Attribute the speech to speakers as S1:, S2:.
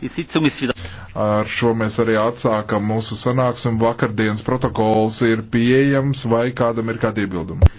S1: Ar šo mēs arī atsākam mūsu sanāksmu. Vakardienas protokols ir pieejams vai kādam ir kādi iebildumi?